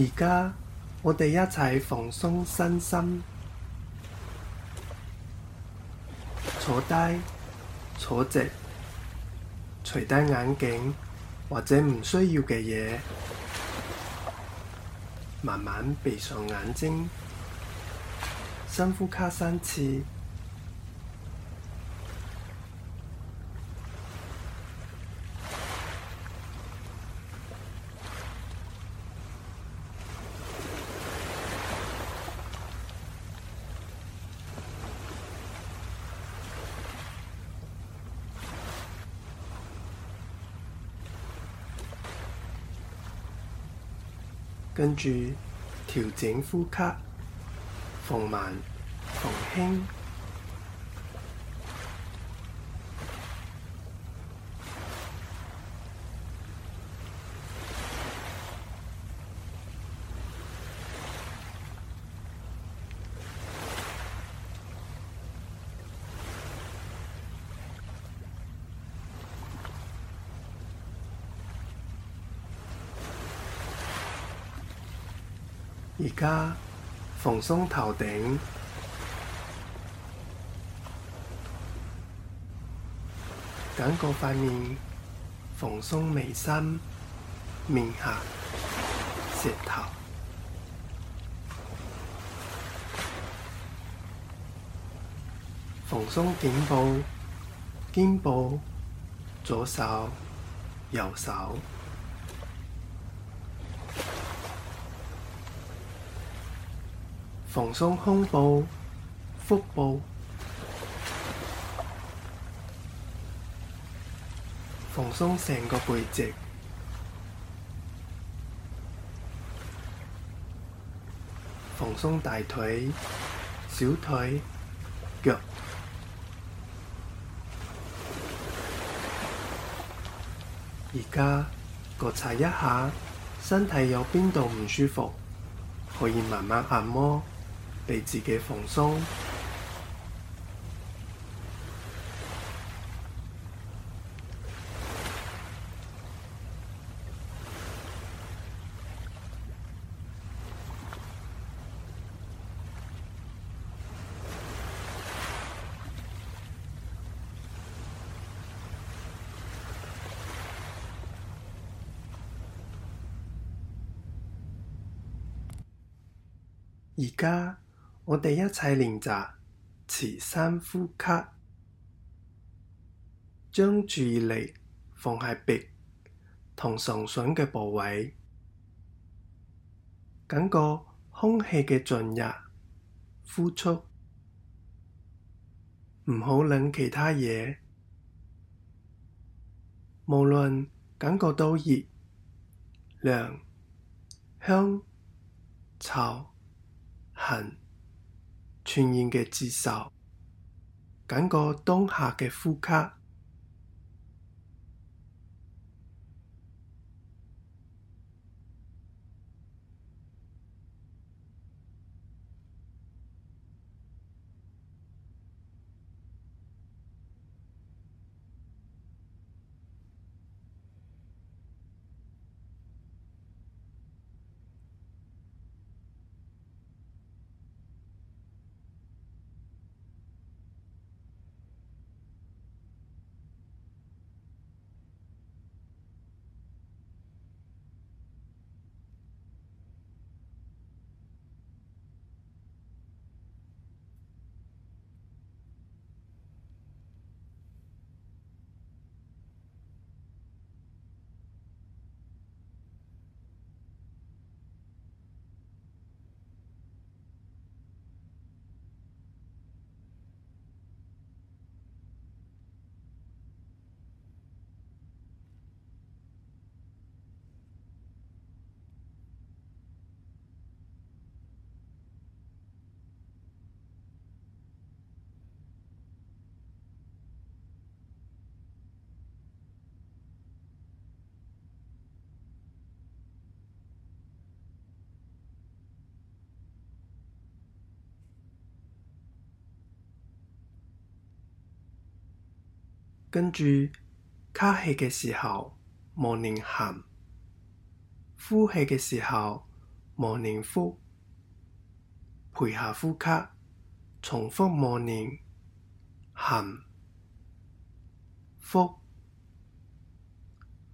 而家我哋一齊放鬆身心，坐低坐直，除低眼鏡或者唔需要嘅嘢，慢慢閉上眼睛，深呼吸三次。跟住調整呼吸，放慢，放輕。而家放鬆頭頂，緊個塊面，放鬆眉心、面頰、舌頭，放鬆頸部、肩部、左手、右手。放鬆胸部、腹部，放鬆成個背脊，放鬆大腿、小腿、腳。而家覺察一下身體有邊度唔舒服，可以慢慢按摩。俾自己放鬆。而家。我哋一齊練習持深呼吸，將注意力放喺鼻同唇唇嘅部位，感覺空氣嘅進入、呼出，唔好諗其他嘢，無論感覺到熱、涼、香、臭、痕。全然嘅接受，感覺當下嘅呼吸。跟住吸氣嘅時候，默念含；呼氣嘅時候，默念呼。陪下呼吸，重複默念含、呼、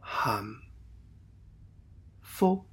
含、呼。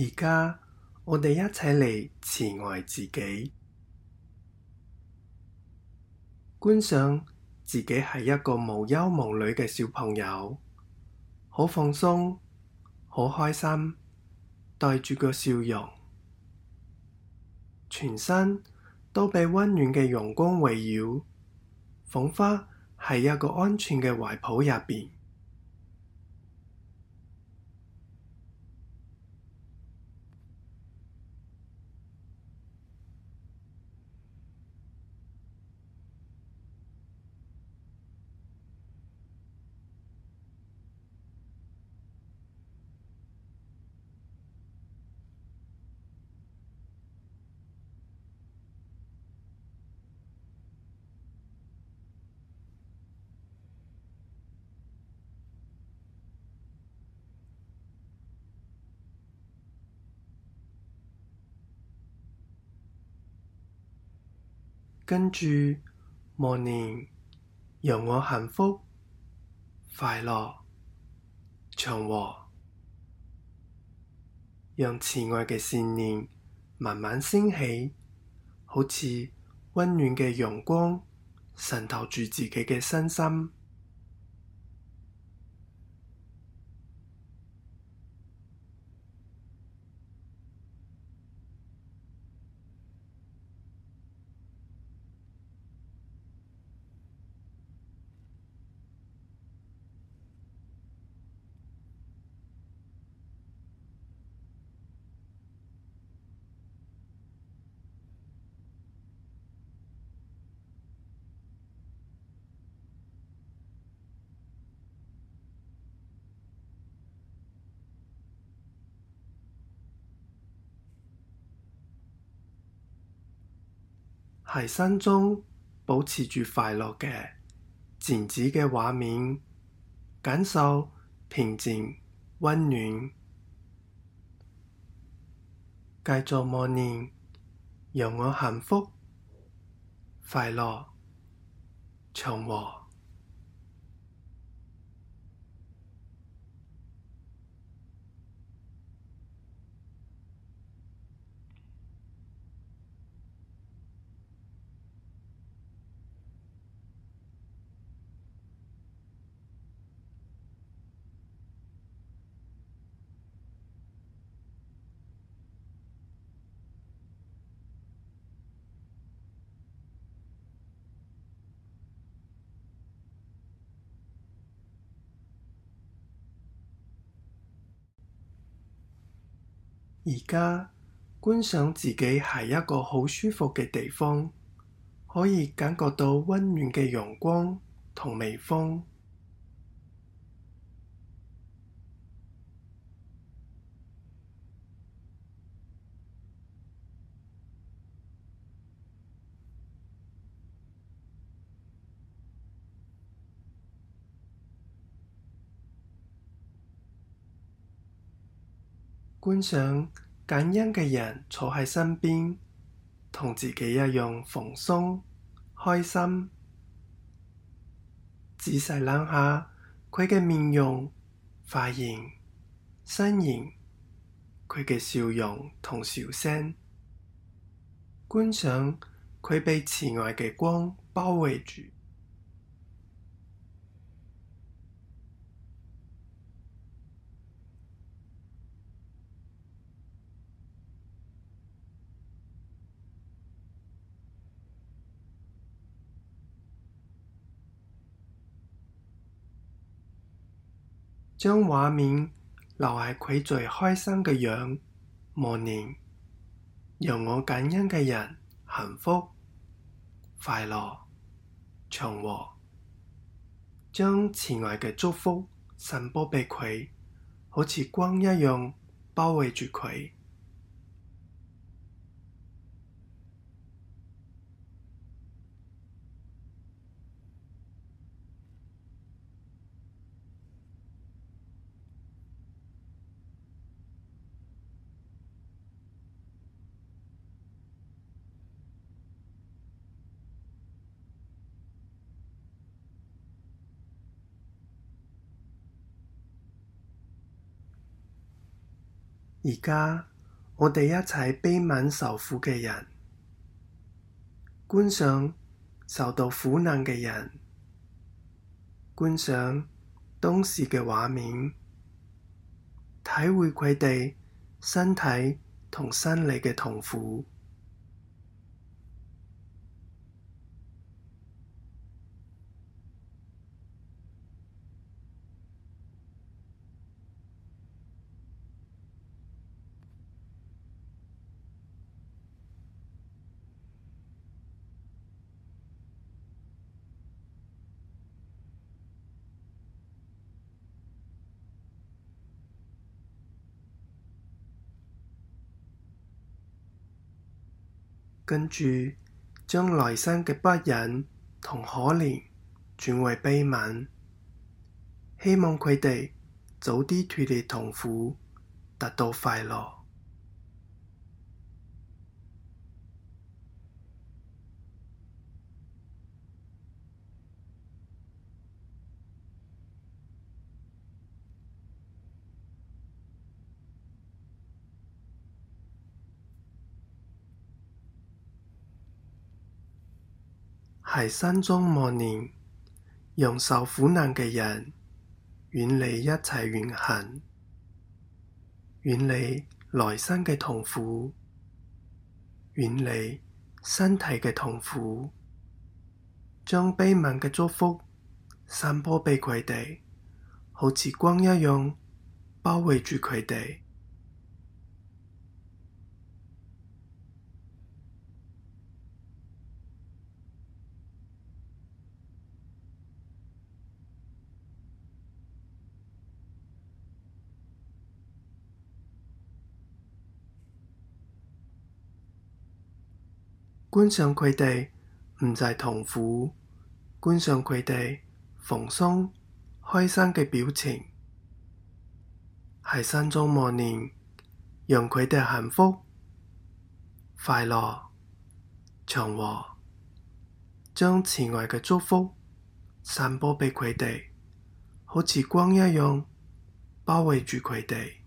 而家我哋一齊嚟慈愛自己，觀想自己係一個無憂無慮嘅小朋友，好放鬆，好開心，帶住個笑容，全身都被温暖嘅陽光圍繞，仿佛係一個安全嘅懷抱入邊。跟住默念讓我幸福、快樂、祥和，讓慈愛嘅善念慢慢升起，好似溫暖嘅陽光，滲透住自己嘅身心。喺心中保持住快樂嘅靜止嘅畫面，感受平靜温暖，繼續默念：「讓我幸福快樂祥和。」而家觀賞自己係一個好舒服嘅地方，可以感覺到溫暖嘅陽光同微風。觀想感恩嘅人坐喺身邊，同自己一樣放鬆開心。仔細諗下佢嘅面容、髮型、身形、佢嘅笑容同笑聲。觀想佢被慈愛嘅光包圍住。將畫面留喺佢最開心嘅樣，默念，由我感恩嘅人，幸福、快樂、祥和，將慈愛嘅祝福散播畀佢，好似光一樣包圍住佢。而家我哋一齊悲憫受苦嘅人，觀賞受到苦難嘅人，觀賞當時嘅畫面，體會佢哋身體同心理嘅痛苦。跟住，將來生嘅不忍同可憐轉為悲憫，希望佢哋早啲脫離痛苦，達到快樂。喺心中默念，讓受苦難嘅人遠離一切怨恨，遠離來生嘅痛苦，遠離身體嘅痛苦，將悲憫嘅祝福散播俾佢哋，好似光一樣包圍住佢哋。觀賞佢哋唔再痛苦，觀賞佢哋放鬆、開心嘅表情，喺心中默念，讓佢哋幸福、快樂、祥和，將慈愛嘅祝福散播畀佢哋，好似光一樣包圍住佢哋。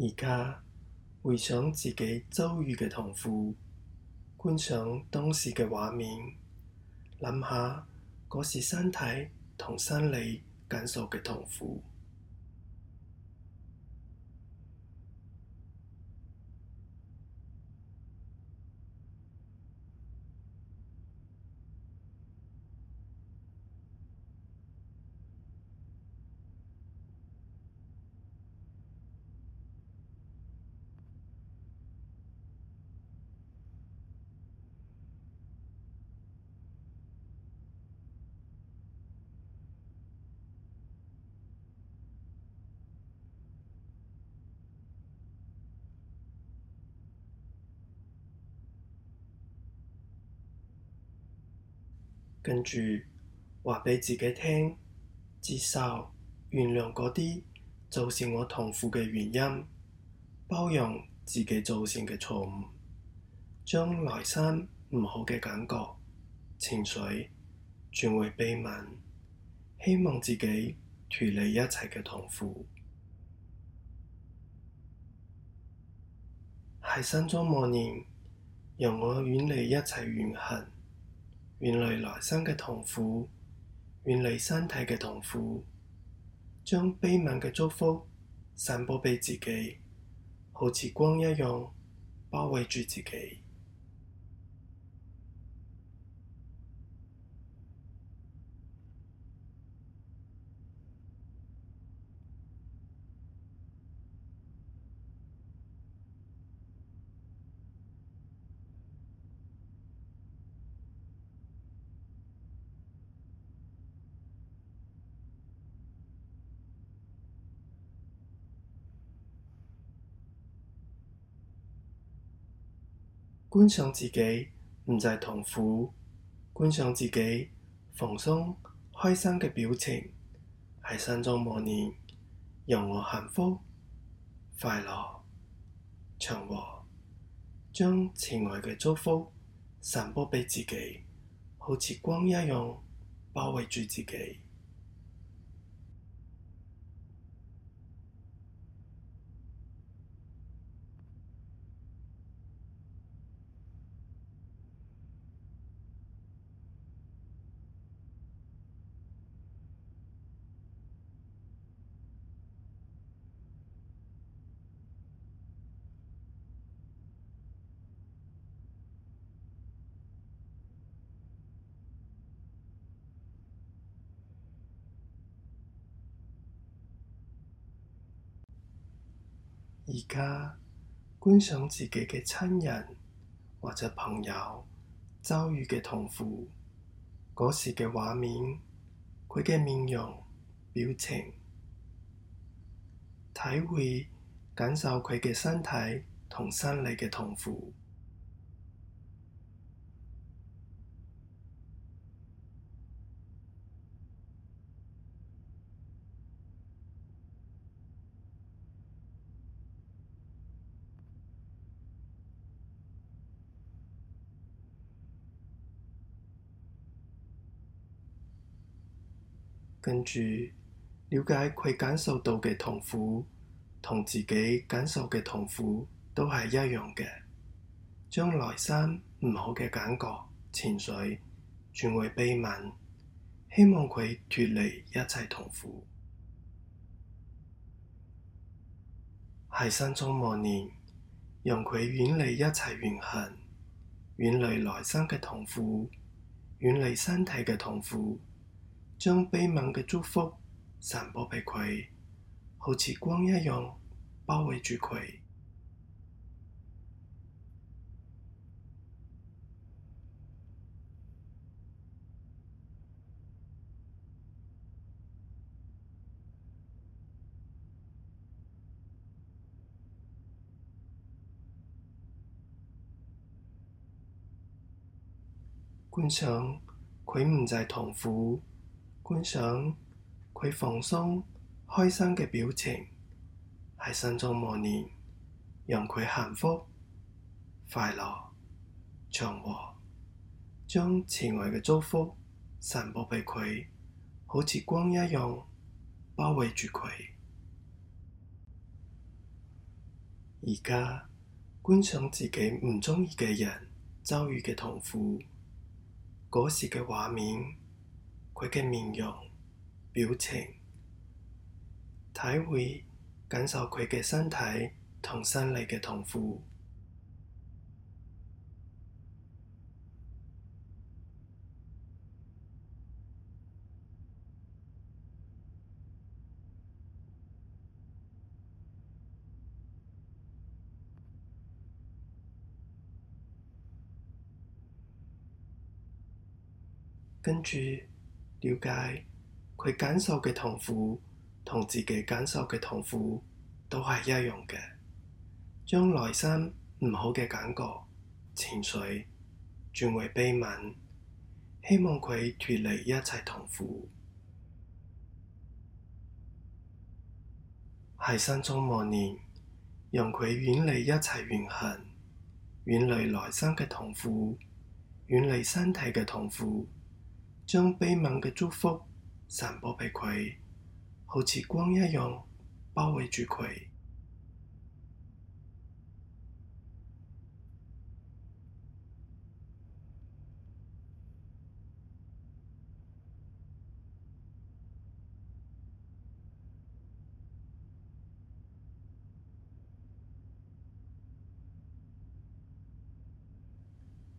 而家回想自己遭遇嘅痛苦，觀賞當時嘅畫面，諗下嗰時身體同心理感受嘅痛苦。跟住話畀自己聽，接受原諒嗰啲，造成我痛苦嘅原因，包容自己造成嘅錯誤，將來生唔好嘅感覺、情緒轉為秘密，希望自己脫離一切嘅痛苦，喺心中默念，讓我遠離一切怨恨。遠離來生嘅痛苦，遠離身體嘅痛苦，將悲憫嘅祝福散播畀自己，好似光一樣包圍住自己。觀賞自己唔再痛苦，觀賞自己放鬆開心嘅表情，喺心中默念，讓我幸福快樂、祥和，將情愛嘅祝福散播畀自己，好似光一樣包圍住自己。而家觀賞自己嘅親人或者朋友遭遇嘅痛苦，嗰時嘅畫面，佢嘅面容、表情，體會感受佢嘅身體同心理嘅痛苦。跟住了解佢感受到嘅痛苦，同自己感受嘅痛苦都係一樣嘅。將內心唔好嘅感覺、情緒轉為悲憫，希望佢脫離一切痛苦，喺心中默念，讓佢遠離一切怨恨，遠離內心嘅痛苦，遠離身體嘅痛苦。將悲憫嘅祝福散播畀佢，好似光一樣包圍住佢。觀賞佢唔再痛苦。觀想佢放鬆、開心嘅表情，喺心中默念，讓佢幸福、快樂、祥和，將慈愛嘅祝福散播俾佢，好似光一樣包圍住佢。而家觀想自己唔鍾意嘅人遭遇嘅痛苦，嗰時嘅畫面。佢嘅面容、表情，體會感受佢嘅身體同生理嘅痛苦，跟住。了解佢感受嘅痛苦，同自己感受嘅痛苦都係一樣嘅。將內心唔好嘅感覺、情緒轉為悲憫，希望佢脫離一切痛苦，喺心中默念，讓佢遠離一切怨恨，遠離內心嘅痛苦，遠離身體嘅痛苦。將悲憫嘅祝福散播畀佢，好似光一樣包圍住佢。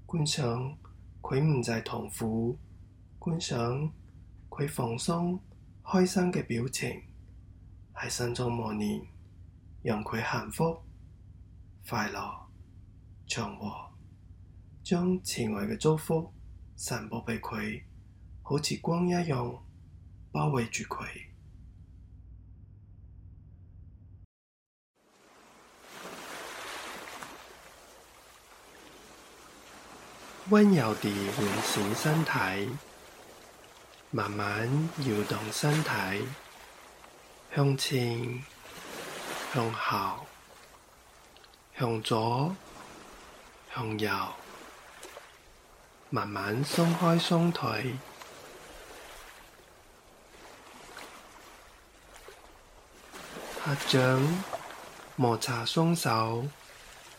觀賞佢唔再痛苦。觀賞佢放鬆、開心嘅表情，喺心中默念，讓佢幸福、快樂、祥和，將慈愛嘅祝福散播畀佢，好似光一樣包圍住佢，溫柔地緩和身體。慢慢搖動身體，向前、向後、向左、向右，慢慢鬆開雙腿，合掌摩擦雙手，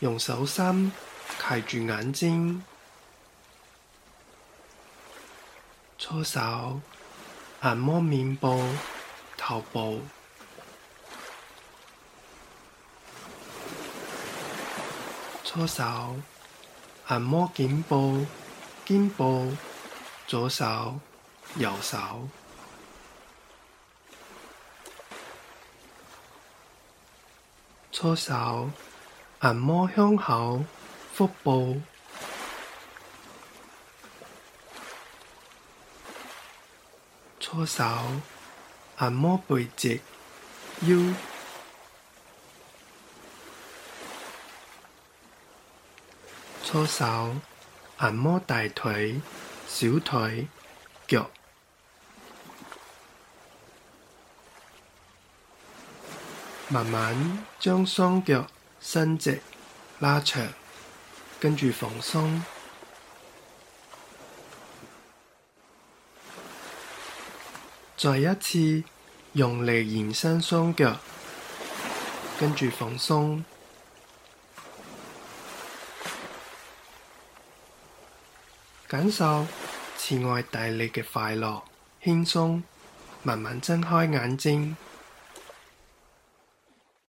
用手心蓋住眼睛。搓手，按摩面部、頭部；搓手，按摩頸部、肩部；左手、右手；搓手，按摩胸口、腹部。搓手，按摩背脊、腰；搓手，按摩大腿、小腿、腳。慢慢將雙腳伸直、拉長，跟住放鬆。再一次用力延伸雙腳，跟住放鬆，感受慈愛大力嘅快樂，輕鬆，慢慢睜開眼睛。